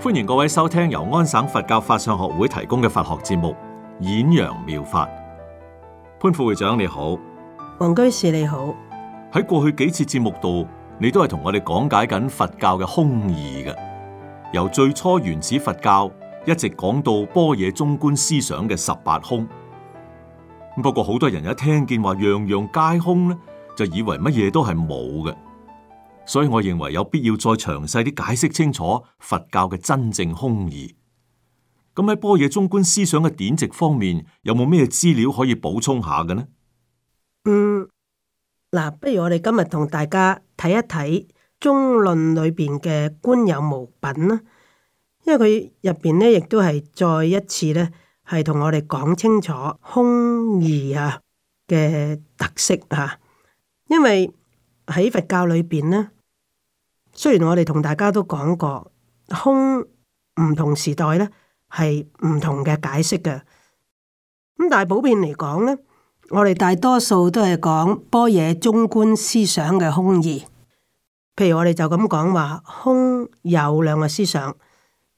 歡迎各位收聽由安省佛教法相學會提供嘅佛學節目《演揚妙，妙法》。潘副會長你好，黃居士你好。喺過去幾次節目度，你都係同我哋講解緊佛教嘅空義嘅，由最初原始佛教一直講到般若中觀思想嘅十八空。不過好多人一聽見話樣樣皆空咧，就以為乜嘢都係冇嘅。所以我認為有必要再詳細啲解釋清楚佛教嘅真正空義。咁喺般若中觀思想嘅典籍方面，有冇咩資料可以補充下嘅呢？嗯，嗱，不如我哋今日同大家睇一睇《中論》裏邊嘅觀有無品啦，因為佢入邊呢亦都係再一次呢係同我哋講清楚空義啊，嘅特色啊，因為喺佛教裏邊呢。雖然我哋同大家都講過空唔同時代咧，係唔同嘅解釋嘅。咁但係普遍嚟講咧，我哋大多數都係講般若中觀思想嘅空義。譬如我哋就咁講話，空有兩個思想。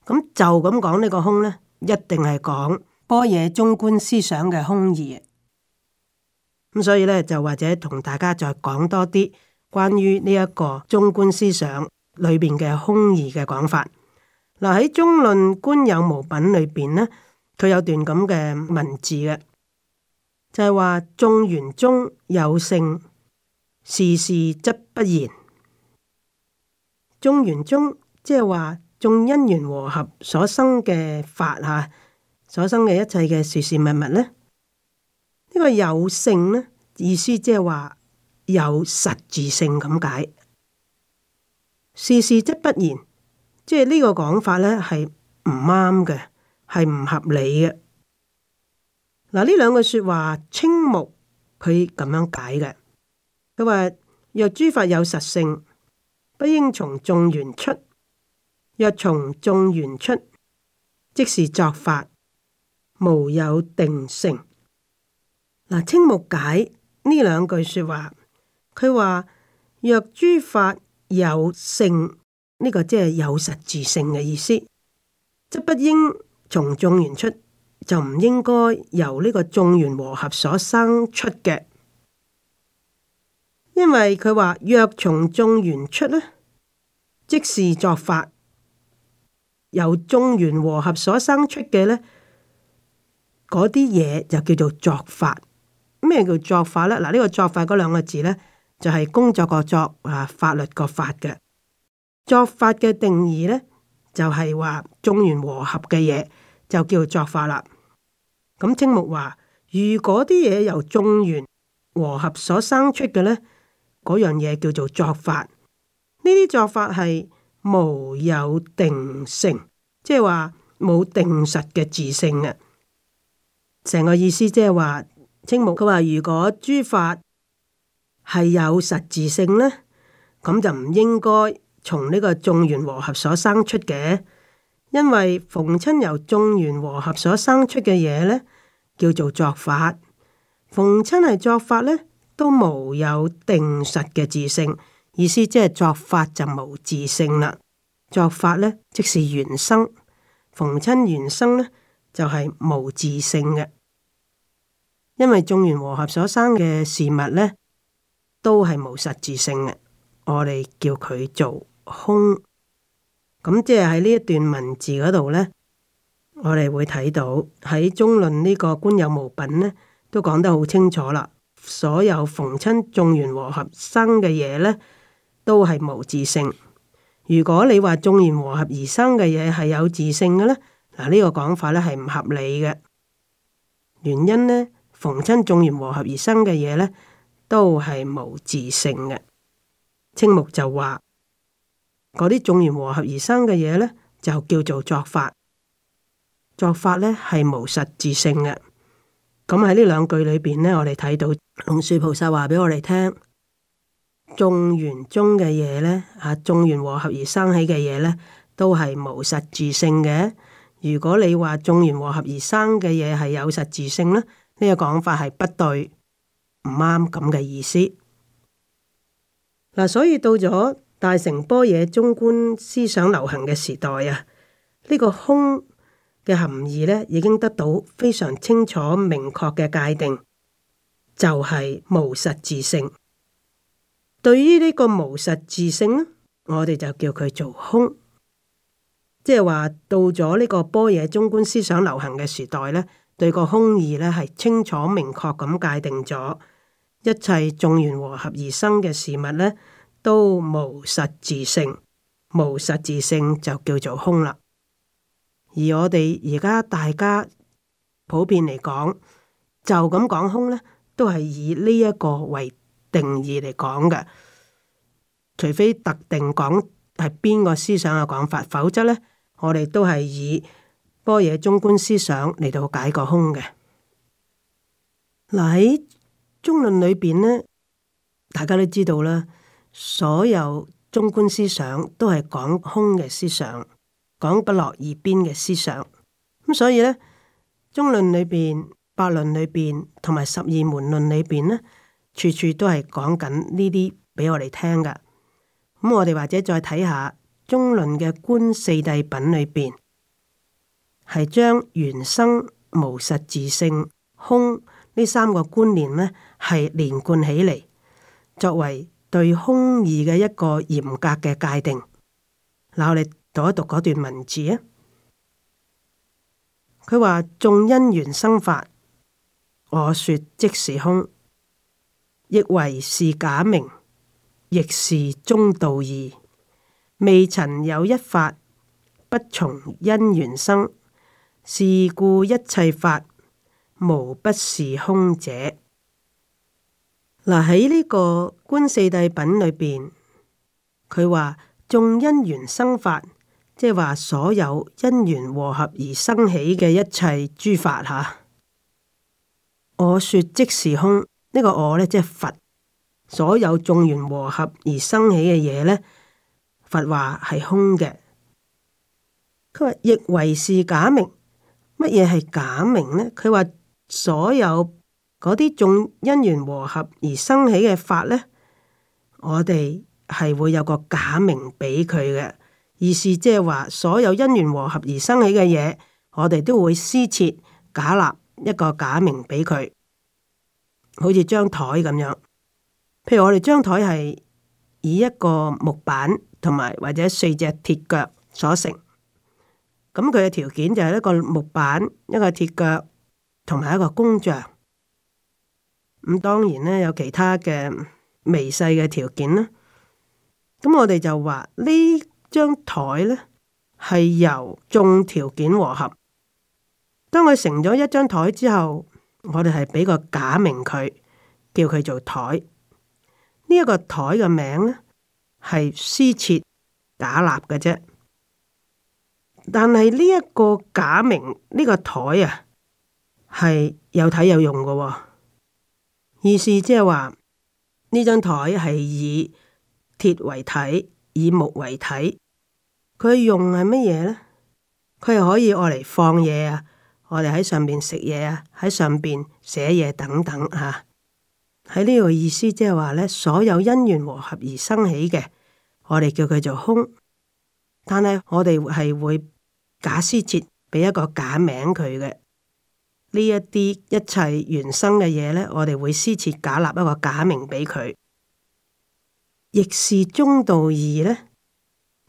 咁就咁講呢個空咧，一定係講般若中觀思想嘅空義。咁所以咧，就或者同大家再講多啲。關於呢一個中觀思想裏邊嘅空義嘅講法，嗱，喺中論觀有無品裏邊呢，佢有段咁嘅文字嘅，就係話眾緣中有性，事事則不然。眾緣中即係話眾因緣和合所生嘅法吓，所生嘅一切嘅事事物物呢，呢、呢個有性呢，意思即係話。有實質性咁解，事事則不然，即係呢個講法呢，係唔啱嘅，係唔合理嘅。嗱，呢兩句説話，青目佢咁樣解嘅，佢話若諸法有實性，不應從眾緣出；若從眾緣出，即是作法，無有定性。嗱，青目解呢兩句説話。佢話若諸法有性，呢，這個即係有實質性嘅意思，即不應從眾緣出，就唔應該由呢個眾緣和合所生出嘅。因為佢話若從眾緣出呢，即是作法，由眾緣和合所生出嘅呢，嗰啲嘢就叫做作法。咩叫作法呢？嗱，這，呢個作法嗰兩個字呢。就係工作個作啊，法律個法嘅作法嘅定義呢，就係話眾緣和合嘅嘢就叫作法啦。咁青目話：如果啲嘢由眾緣和合所生出嘅呢，嗰樣嘢叫做作法。呢啲作法係無有定性，即係話冇定實嘅自性啊。成個意思即係話青目，佢話如果諸法。係有實質性呢，咁就唔應該從呢個眾緣和合所生出嘅，因為逢親由眾緣和合所生出嘅嘢呢，叫做作法。逢親係作法呢，都冇有定實嘅自性，意思即係作法就冇自性啦。作法呢，即是緣生，逢親緣生呢，就係、是、冇自性嘅，因為眾緣和合所生嘅事物呢。都係冇實質性嘅，我哋叫佢做空。咁即係喺呢一段文字嗰度呢，我哋會睇到喺中論呢個觀有無品呢，都講得好清楚啦。所有逢親眾緣和合生嘅嘢呢，都係冇自性。如果你話眾緣和合而生嘅嘢係有自性嘅呢，嗱，呢個講法呢係唔合理嘅。原因呢，逢親眾緣和合而生嘅嘢呢。都係無自性嘅。青目就話嗰啲眾緣和合而生嘅嘢呢，就叫做作法。作法呢係無實質性嘅。咁喺呢兩句裏邊呢，我哋睇到龍樹菩薩話俾我哋聽，眾緣中嘅嘢呢，啊，眾緣和合而生起嘅嘢呢，都係無實質性嘅。如果你話眾緣和合而生嘅嘢係有實質性呢，呢個講法係不對。唔啱咁嘅意思，嗱、啊，所以到咗大乘般若中觀思想流行嘅時代啊，呢、這個空嘅含義呢已經得到非常清楚明確嘅界定，就係、是、無實自性。對於呢個無實自性咧，我哋就叫佢做空，即係話到咗呢個般若中觀思想流行嘅時代呢，對個空義呢係清楚明確咁界定咗。一切眾緣和合而生嘅事物呢，都無實質性，無實質性就叫做空啦。而我哋而家大家普遍嚟講，就咁講空呢，都係以呢一個為定義嚟講嘅。除非特定講係邊個思想嘅講法，否則呢，我哋都係以般若中觀思想嚟到解個空嘅。嗱，喺。中論裏邊呢，大家都知道啦，所有中觀思想都係講空嘅思想，講不落二邊嘅思想。咁所以呢，中論裏邊、百論裏邊同埋十二門論裏邊呢，處處都係講緊呢啲俾我哋聽噶。咁我哋或者再睇下中論嘅觀四諦品裏邊，係將緣生無實自性空。呢三個觀念呢，係連貫起嚟，作為對空義嘅一個嚴格嘅界定。嗱，我哋讀一讀嗰段文字啊。佢話：眾因緣生法，我說即是空，亦為是假名，亦是中道義。未曾有一法不從因緣生，是故一切法，無不是空者，嗱，喺呢個觀四諦品裏邊，佢話眾因緣生法，即係話所有因緣和合而生起嘅一切諸法哈、啊。我說即是空，呢、這個我呢，即係佛，所有眾緣和合而生起嘅嘢呢，佛話係空嘅。佢話亦為是假名，乜嘢係假名呢？佢話。所有嗰啲種因緣和合而生起嘅法呢，我哋係會有個假名俾佢嘅，意思即係話所有因緣和合而生起嘅嘢，我哋都會施設假立一個假名俾佢，好似張台咁樣。譬如我哋張台係以一個木板同埋或者四隻鐵腳所成，咁佢嘅條件就係一個木板、一個鐵腳。同埋一個工匠，咁當然呢，有其他嘅微細嘅條件啦。咁我哋就話呢張台呢係由眾條件和合，當佢成咗一張台之後，我哋係俾個假名佢，叫佢做台。呢一個台嘅名呢係施設假立嘅啫，但係呢一個假名呢、呢個台啊。係有體有用嘅喎，哦，意思即係話呢張枱係以鐵為體，以木為體，佢用係乜嘢呢？佢係可以愛嚟放嘢啊，我哋喺上面食嘢啊，喺上邊寫嘢等等嚇。喺呢個意思即係話呢，所有因緣和合而生起嘅，我哋叫佢做空，但係我哋係會假施設俾一個假名佢嘅。呢一啲一切原生嘅嘢呢，我哋會施設假立一個假名俾佢。亦是中道義呢，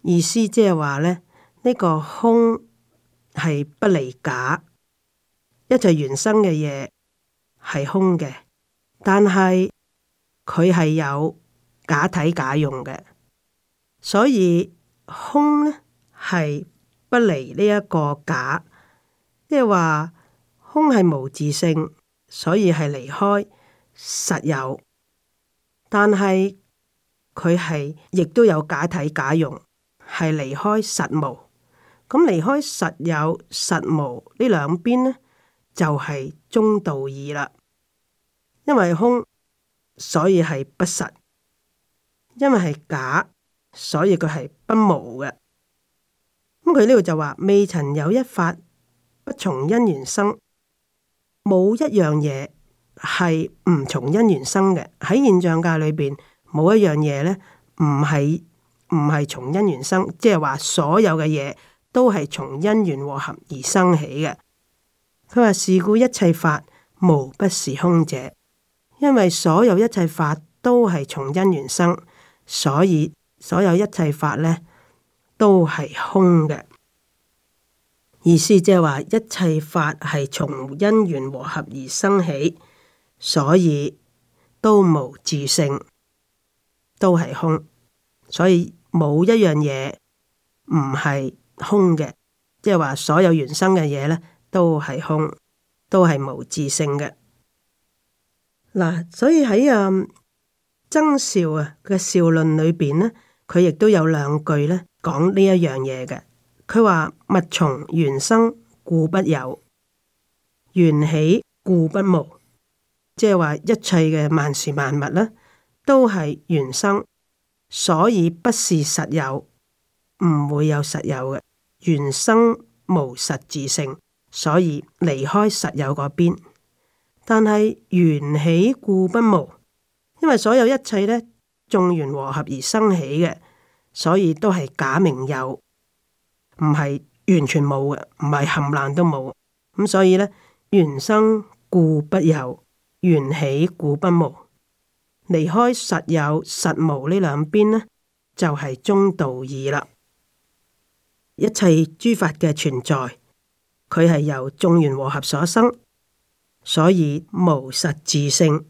意思即係話咧，呢個空係不離假，一切原生嘅嘢係空嘅，但係佢係有假體假用嘅，所以空呢係不離呢一個假，即係話。空係無自性，所以係離開實有，但係佢係亦都有假體假用，係離開實無。咁離開實有實無呢兩邊呢，就係、是、中道義啦。因為空，所以係不實；因為係假，所以佢係不無嘅。咁佢呢度就話：未曾有一法不從因緣生。冇一樣嘢係唔從因緣生嘅，喺現象界裏邊，冇一樣嘢呢唔係唔係從因緣生，即係話所有嘅嘢都係從因緣和合而生起嘅。佢話，是故一切法無不是空者，因為所有一切法都係從因緣生，所以所有一切法呢都係空嘅。意思即係話，一切法係從因緣和合而生起，所以都無自性，都係空，所以冇一樣嘢唔係空嘅，即係話所有原生嘅嘢呢都係空，都係無自性嘅。嗱，所以喺啊僧肇啊嘅《肇論》裏邊呢，佢亦都有兩句呢講呢一樣嘢嘅。佢話：物從緣生，故不有；緣起故不無。即係話一切嘅萬事萬物咧，都係緣生，所以不是實有，唔會有實有嘅。緣生無實自性，所以離開實有嗰邊。但係緣起故不無，因為所有一切呢，眾緣和合而生起嘅，所以都係假名有。唔係完全冇嘅，唔係冚爛都冇。咁所以呢，「緣生故不有，緣起故不無」。離開實有實無呢兩邊呢，就係中道義啦。一切諸法嘅存在，佢係由眾緣和合所生，所以無實自性。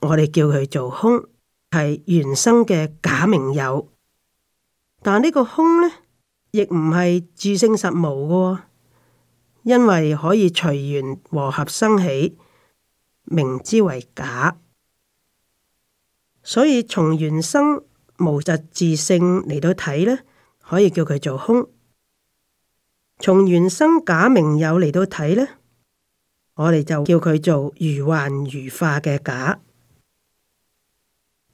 我哋叫佢做空，係緣生嘅假名有。但呢個空呢，亦唔係自性實無嘅，因為可以隨緣和合生起，明知為假。所以從原生無實自性嚟到睇呢，可以叫佢做空；從原生假名有嚟到睇呢，我哋就叫佢做如幻如化嘅假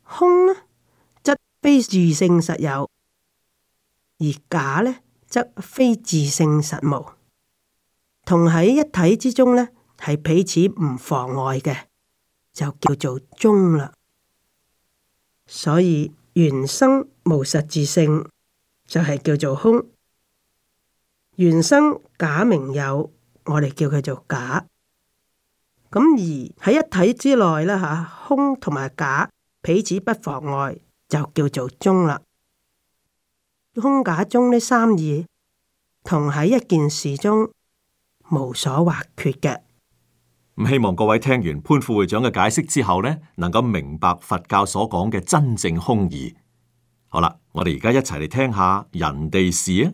空呢，則非自性實有。而假呢，則非自性實無，同喺一體之中呢，係彼此唔妨礙嘅，就叫做中啦。所以原生無實自性，就係叫做空；原生假名有，我哋叫佢做假。咁而喺一體之內呢，啊嚇，空同埋假彼此不妨礙，就叫做中啦。空假中呢三義，同喺一件事中無所劃決嘅。咁希望各位聽完潘副會長嘅解釋之後呢，能夠明白佛教所講嘅真正空義。好啦，我哋而家一齊嚟聽下人哋事啊，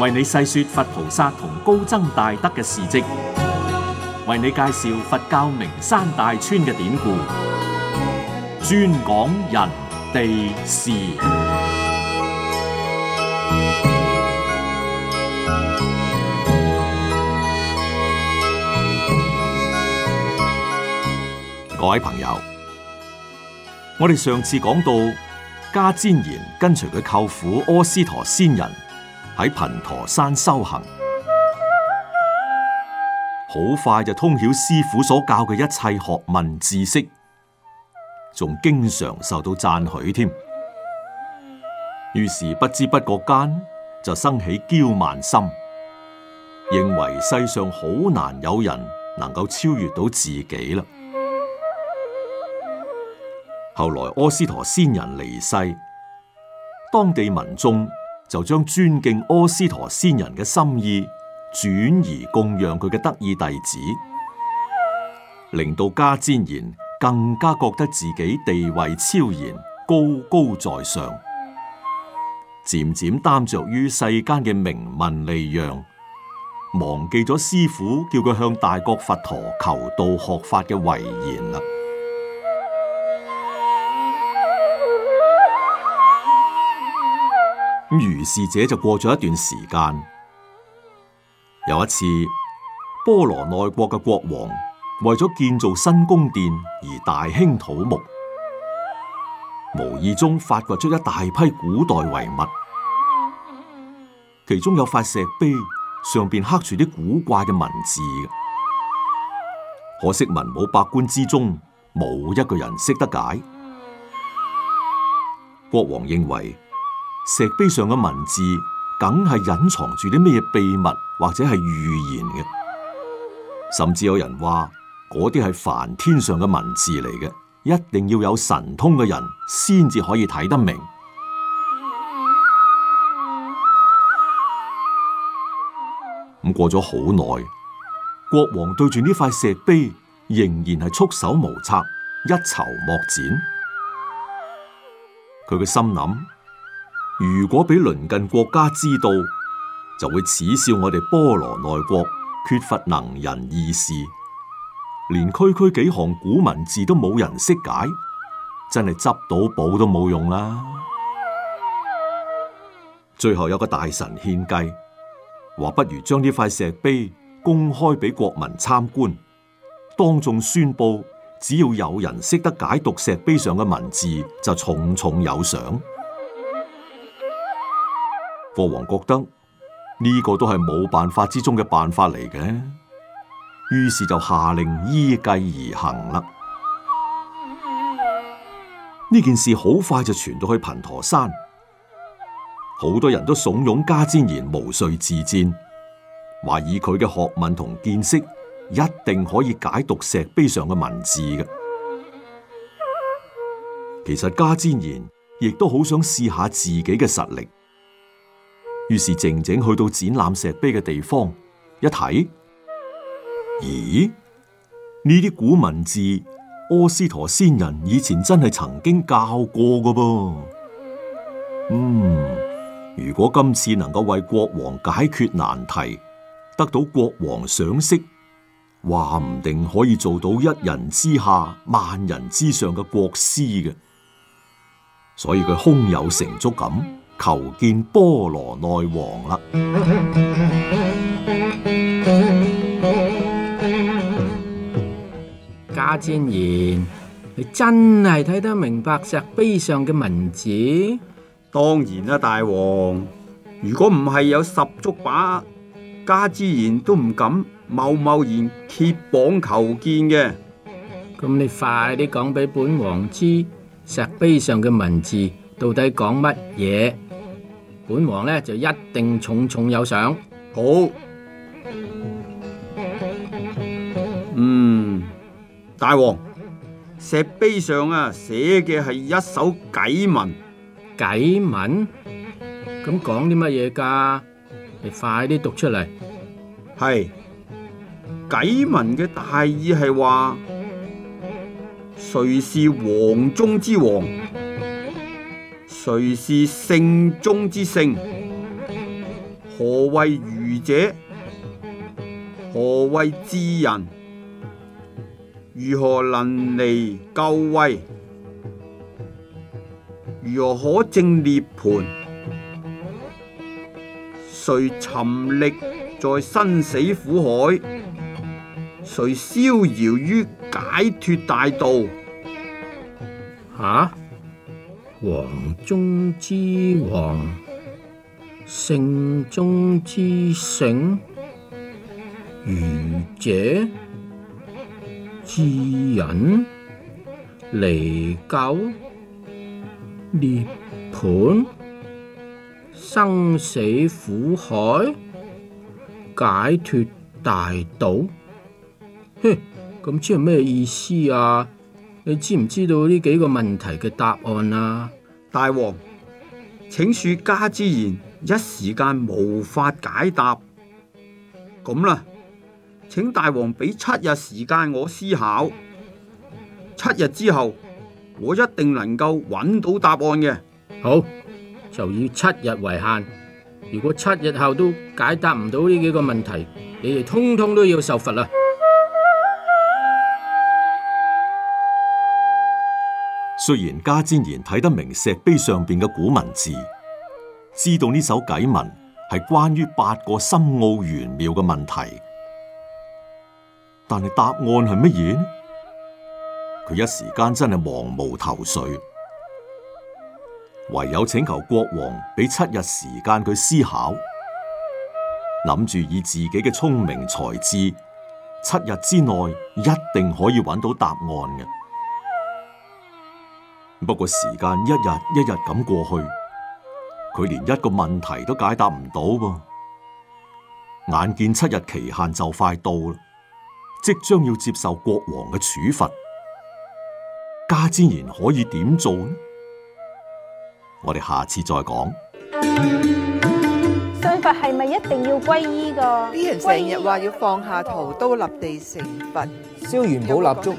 為你細說佛菩薩同高僧大德嘅事迹。為你介紹佛教名山大川嘅典故，專講人地事。各位朋友，我哋上次講到迦旃延跟隨佢舅父阿斯陀仙人喺頻陀山修行，好快就通曉師父所教嘅一切學問知識，仲經常受到讚許添。於是不知不覺間就生起驕慢心，認為世上好難有人能夠超越到自己啦。後來阿斯陀仙人離世，當地民眾就將尊敬阿斯陀仙人嘅心意。轉移供養佢嘅得意弟子，令到迦旃延更加覺得自己地位超然，高高在上，漸漸擔着於世間嘅名聞利養，忘記咗師父叫佢向大覺佛陀求道學法嘅遺言啦。咁如是者就過咗一段時間。有一次，波羅奈國嘅國王為咗建造新宮殿而大興土木，無意中發掘出一大批古代遺物，其中有塊石碑，上邊刻住啲古怪嘅文字。可惜文武百官之中冇一個人識得解。國王認為石碑上嘅文字梗係隱藏住啲咩秘密。或者係預言嘅，甚至有人話嗰啲係梵天上嘅文字嚟嘅，一定要有神通嘅人先至可以睇得明。咁 過咗好耐，國王對住呢塊石碑仍然係束手無策，一籌莫展。佢嘅心諗：如果俾鄰近國家知道，就會恥笑我哋波羅奈國缺乏能人異士，連區區幾行古文字都冇人識解，真係執到寶都冇用啦。最後有個大臣獻計，話不如將呢塊石碑公開俾國民參觀，當眾宣布，只要有人識得解讀石碑上嘅文字，就重重有賞。國王覺得，呢個都係冇辦法之中嘅辦法嚟嘅，於是就下令依計而行啦。呢件事好快就傳到去貧陀山，好多人都慫恿迦旃延毛遂自薦，話以佢嘅學問同見識，一定可以解讀石碑上嘅文字嘅。其實迦旃延亦都好想試下自己嘅實力。於是靜靜去到展覽石碑嘅地方一睇，咦？呢啲古文字，阿斯陀先人以前真係曾經教過㗎噃。嗯，如果今次能夠為國王解決難題，得到國王賞識，話唔定可以做到一人之下、萬人之上嘅國師嘅。所以佢胸有成竹咁。求見波羅奈王啦！迦旃延，你真係睇得明白石碑上嘅文字？當然啦、啊，大王。如果唔係有十足把握，迦旃延都唔敢貿貿然揭榜求見嘅。咁你快啲講俾本王知，石碑上嘅文字到底講乜嘢？本王呢就一定重重有賞。好，嗯，大王，石碑上啊寫嘅係一首偈文。偈文，咁講啲乜嘢噶？你快啲讀出嚟。係偈文嘅大意係話，誰是王中之王？誰是聖中之聖？何謂愚者？何謂智人？如何能離垢穢？如何可證涅槃？誰沉溺在生死苦海？誰逍遙於解脫大道？啊王中之王，聖中之聖，愚者智人，離垢涅槃，生死苦海解脱大道。哼，咁即係咩意思啊？你知唔知道呢幾個問題嘅答案啊？大王，請恕家之言，一時間無法解答。咁啦，請大王俾七日時間我思考。七日之後，我一定能夠揾到答案嘅。好，就以七日為限。如果七日後都解答唔到呢幾個問題，你哋通通都要受罰啦。雖然迦旃延睇得明石碑上邊嘅古文字，知道呢首偈文係關於八個深奧玄妙嘅問題，但係答案係乜嘢？佢一時間真係茫無頭緒，唯有請求國王俾七日時間佢思考，諗住以自己嘅聰明才智，七日之內一定可以揾到答案嘅。不過時間一日一日咁過去，佢連一個問題都解答唔到噃。眼見七日期限就快到啦，即將要接受國王嘅處罰，家之言可以點做呢？我哋下次再講。信佛係咪一定要皈依噶？啲人成日話要放下屠刀立地成佛，燒元寶蠟燭、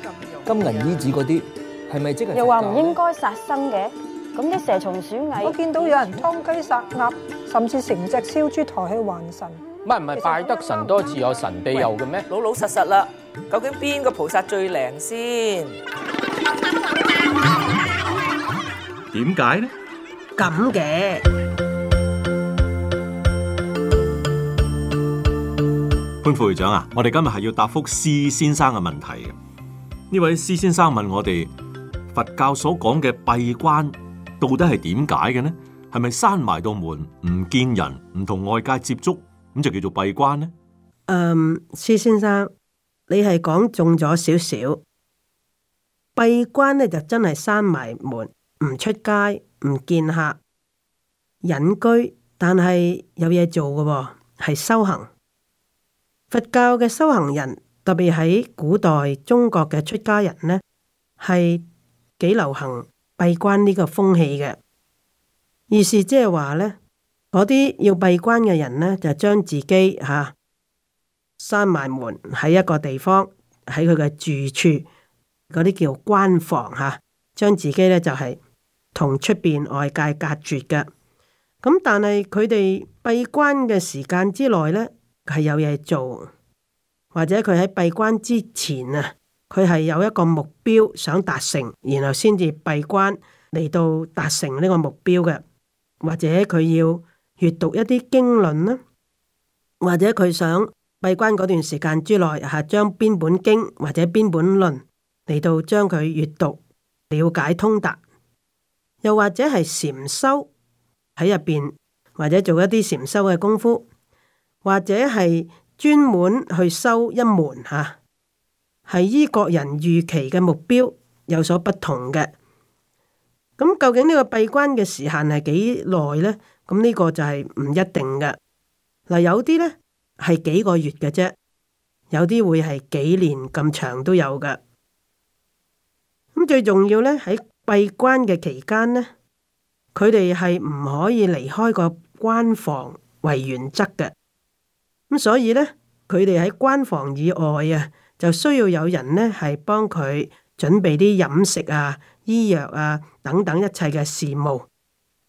金銀衣紙嗰啲。係咪即係又話唔應該殺生嘅？咁啲蛇蟲鼠蟻，我見到有人劏雞殺鴨，甚至成隻燒豬抬去還神，乜唔係拜得神多自有神庇佑嘅咩？老老實實啦，究竟邊個菩薩最靈先？點解呢？咁嘅潘副會長啊，我哋今日係要答覆施先生嘅問題嘅，呢位施先生問我哋。佛教所講嘅閉關到底係點解嘅呢？係咪閂埋到門，唔見人，唔同外界接觸，咁就叫做閉關呢？嗯，施先生，你係講中咗少少閉關呢，就真係閂埋門，唔出街，唔見客，隱居，但係有嘢做噶，係修行。佛教嘅修行人，特別喺古代中國嘅出家人呢，係。幾流行閉關呢個風氣嘅，意思，即係話呢，嗰啲要閉關嘅人呢，就將自己吓閂埋門喺一個地方，喺佢嘅住處，嗰啲叫關房吓、啊，將自己呢，就係同出邊外界隔絕嘅。咁但係佢哋閉關嘅時間之內呢，係有嘢做，或者佢喺閉關之前啊。佢係有一個目標想達成，然後先至閉關嚟到達成呢個目標嘅，或者佢要閲讀一啲經論啦，或者佢想閉關嗰段時間之內係將邊本經或者邊本論嚟到將佢閲讀了解通達，又或者係禪修喺入邊，或者做一啲禪修嘅功夫，或者係專門去修一門嚇。係依各人預期嘅目標有所不同嘅，咁究竟呢個閉關嘅時限係幾耐呢？咁呢個就係唔一定嘅。嗱，有啲呢係幾個月嘅啫，有啲會係幾年咁長都有嘅。咁最重要呢，喺閉關嘅期間呢，佢哋係唔可以離開個關房為原則嘅。咁所以呢，佢哋喺關房以外啊～就需要有人呢，係幫佢準備啲飲食啊、醫藥啊等等一切嘅事務，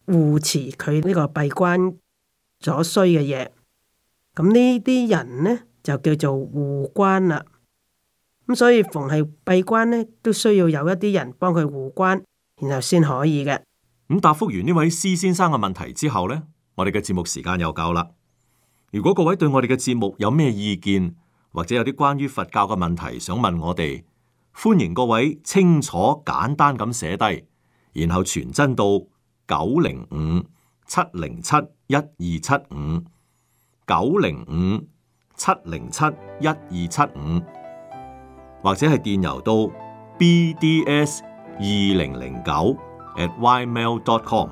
護持佢呢個閉關所需嘅嘢。咁呢啲人呢，就叫做護關啦。咁所以逢係閉關呢，都需要有一啲人幫佢護關，然後先可以嘅。咁、嗯、答覆完呢位施先生嘅問題之後呢，我哋嘅節目時間又夠啦。如果各位對我哋嘅節目有咩意見，或者有啲關於佛教嘅問題想問我哋，歡迎各位清楚簡單咁寫低，然後傳真到九零五七零七一二七五九零五七零七一二七五，75, 75, 或者係電郵到 bds 二零零九 atymail dot com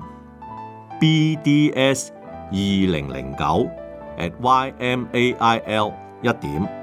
bds 二零零九 atymail 一點